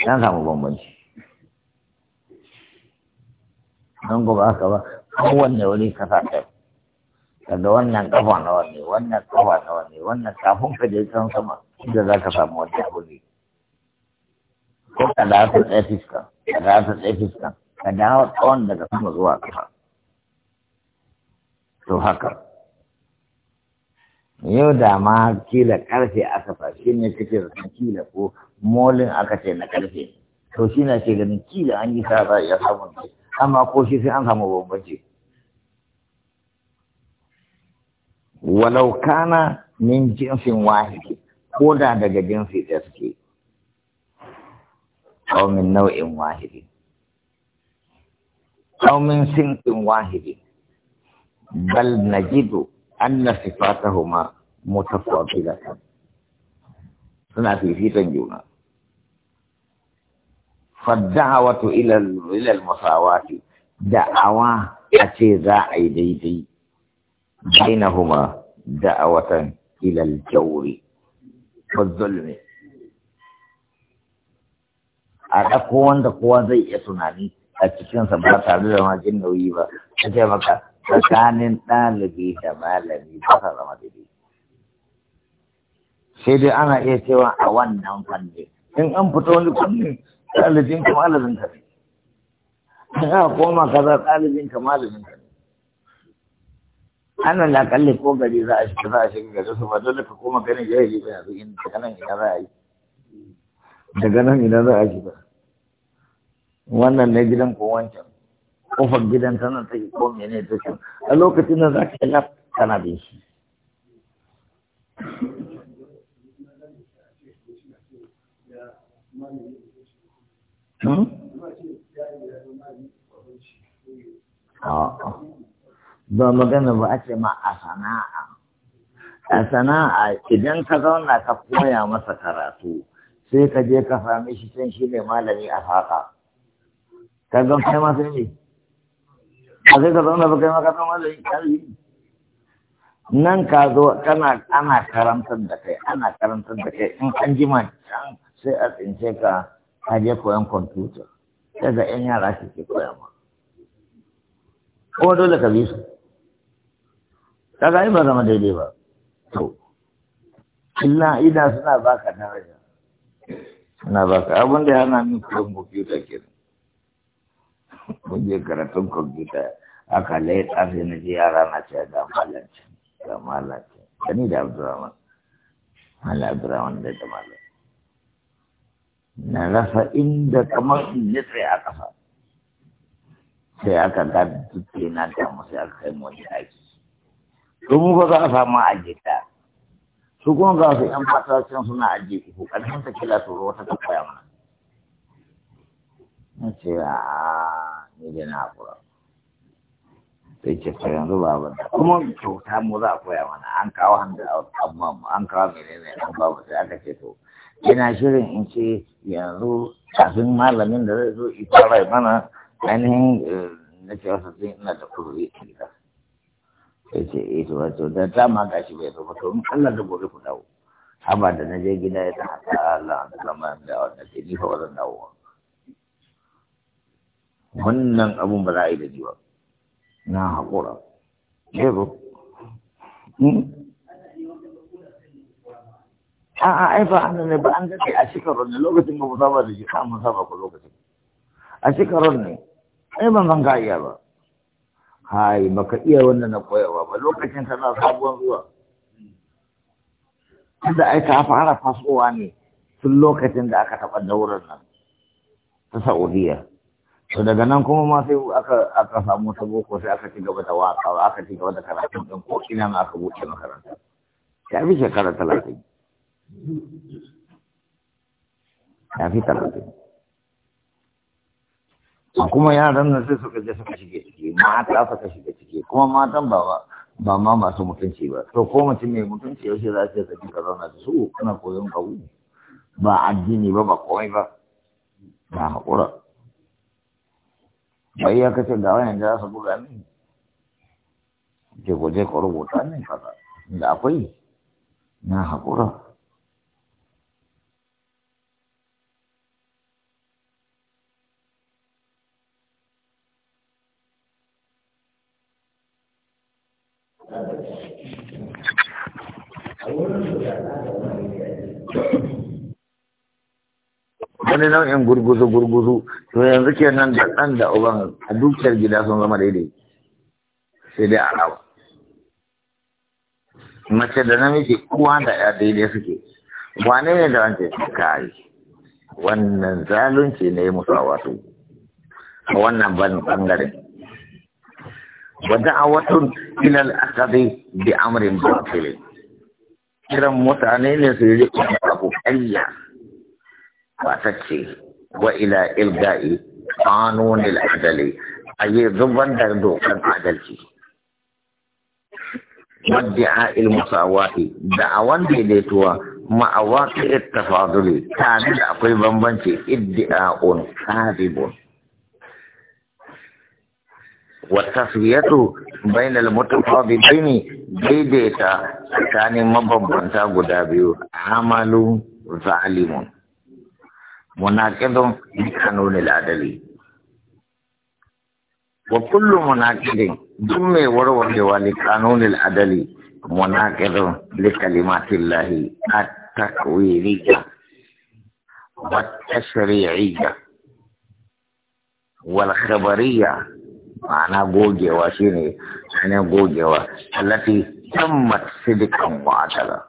ya samu bambanci don ba haka ba kowanne wuri wani sa ta daga wannan kafa na wani wannan kafa na wani wannan kafin ka je can sama inda za ka samu wani abu ne ko ka da su tsaye fiska ka da su tsaye fiska ka dawo tsawon daga sama zuwa kafa to haka yau da ma kila karfe a fa shi ne kake da kila ko molin aka ce na karfe to shi na ce ganin kila an yi sa ya samu amma ko shi sai an samu bambanci Walaukana kana min jinsin wahidi ko da daga jinsi da suke aw nau'in wahidi aw min wahidi bal najidu أن صفاتهما متفاضلة سنأتي في تنجونا فالدعوة إلى إلى المساواة دعوة أتيزا ذاعي بينهما دعوة إلى الجور والظلم أنا ɗauko wanda أن zai iya tunani a cikinsa أن tare da tsakanin ɗalibi da malami ta sa zama daidai sai dai ana iya cewa a wannan fanni in an fito wani kunni ɗalibin ka malamin ka ne in aka koma kaza ɗalibin ka malamin ka ne ana kalli ko gari za a shiga za a shiga gari su ba dole ka koma ganin yi ba yanzu in daga nan ina za a yi daga nan ina za a shiga wannan ne gidan ko wancan kofar gidan tana ta ko mene ta ce a lokacin da za ka laf kana bin shi hmm? ba magana ba a ce ma a sana'a a sana'a idan ka zauna ka koya masa karatu sai ka je ka sami shi can shi ne malami a faƙa ka zan kai masu ne a sai ka zauna baka maka ta malami nan ka zo kana ana karantar da kai ana karantar da kai in an jima can sai a tsince ka ka je koyan kwamfuta daga yan yara ke ke koya ma kuma dole ka bi su kaga ba zama daidai ba to illa ina suna baka daraja suna baka abin da yana min kuɗin kwamfuta kenan mun je karatun kwamfuta aka laye tsafi na ji yara na ce ga malanci ga malanci da ni da abdurrahman mala abdurrahman da da malanci na rasa inda kamar in ji tsaye a ƙasa sai aka ga dutse na damu sai aka kai wani aiki domin ko za a samu ajiyar su kuma ga su yan fata suna ajiye uku ƙarshen ta kila su wata ta koya mana. Na ce, ne na haƙura sai ce ta yanzu ba ba kuma kyauta mu za a koya mana an kawo handa amma mu an kawo menene an mu sai aka ce to ina shirin in ce yanzu kafin malamin da zai zo ifara mana ainihin na ce wasu sun ina da kururi a gida sai ce eh to wato da dama ga shi bai zo ba to in Allah da gobe ku dawo haba da na je gida ya ta haka Allah da zama da wanda ke nifa wajen dawowa wannan abun ba za a yi da ba. na haƙura yaro hmm? a'a ai ba an ne ba an ga a shekarar ne lokacin ba ku saba da shi kan mun saba ku lokacin a shekarar ne ai ban zan ka iya ba hai baka iya wannan na koyawa ba lokacin kana sabuwar zuwa tunda ai ka fara fasowa ne tun lokacin da aka taɓa daurar nan ta sa'udiyya to daga nan kuma ma sai aka aka samu ta boko sai aka ci gaba da waka aka ci gaba da karatun din ko ina ma aka buce makaranta ya fi shekara talatin ya fi talatin kuma yaran nan sai suka je suka shige ciki mata suka shige ciki kuma matan ba ba ma masu mutunci ba to ko mace mai mutunci yaushe za su yi ka zauna da su kuna koyon kawu ba addini ba ba komai ba ba haƙura bai ya kace ga wani da su buga min ke goje ko rubuta min kaza da akwai na hakura a wani nau'in gurguzu gurguzu to yanzu kenan da ɗan da uban a dukiyar gida sun zama daidai sai dai a rawa mace da namiji uwa da ya daidai suke wane ne da wance kai wannan zalunci ne musu a wasu a wannan ban bangare wadda a watun ilal akadi bi amrin ba kiran mutane ne su yi abu ƙarya kwatacce wa ila ilga'i qanunil adali ayi zuban da dokan adalci wadda'a il musawati da'awan daidaituwa ma'awaki ittafaduli tare da akwai bambanci iddi'a'un kadibun wataswiyatu bainal mutafadidaini daidaita tsakanin mabambanta guda biyu amalu zalimun مناقض لقانون العدلي وكل مناقض ضم ورور لقانون العدلي مناقض لكلمات الله التكوينية والتشريعية والخبرية معنى واشيني وشيني معنى جوجي التي تمت صدقا وعدلا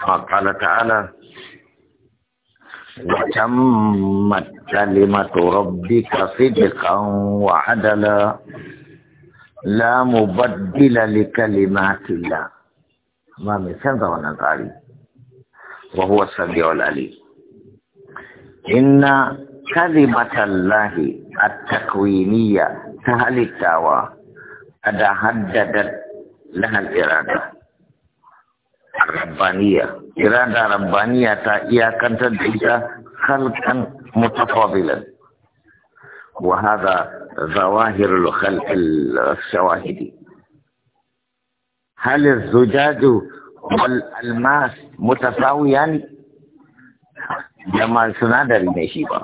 قال تعالى وتمت كلمة ربك صدقا وعدلا لا مبدل لكلمات الله ما من سند ونقاري وهو السميع العليم إن كلمة الله التكوينية تهل التاوى قد هددت لها الإرادة الربانية irada rabbaniya ta iyakantar da ita halkan mutafadilan wa hada zawahirul khalq al-shawahidi hal az-zujaj wal almas mutasawiyan jama sunadari ne shi ba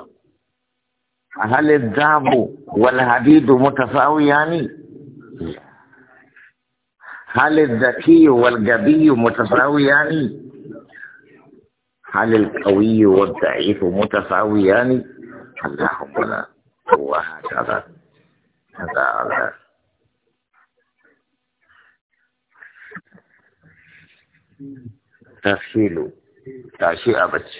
hal az-zahabu wal hadidu mutasawiyan hal az-zaki wal gabi mutasawiyan هل القوي والضعيف متساويان اللهم لا هكذا هذا على تفصيل تاشيع أبدا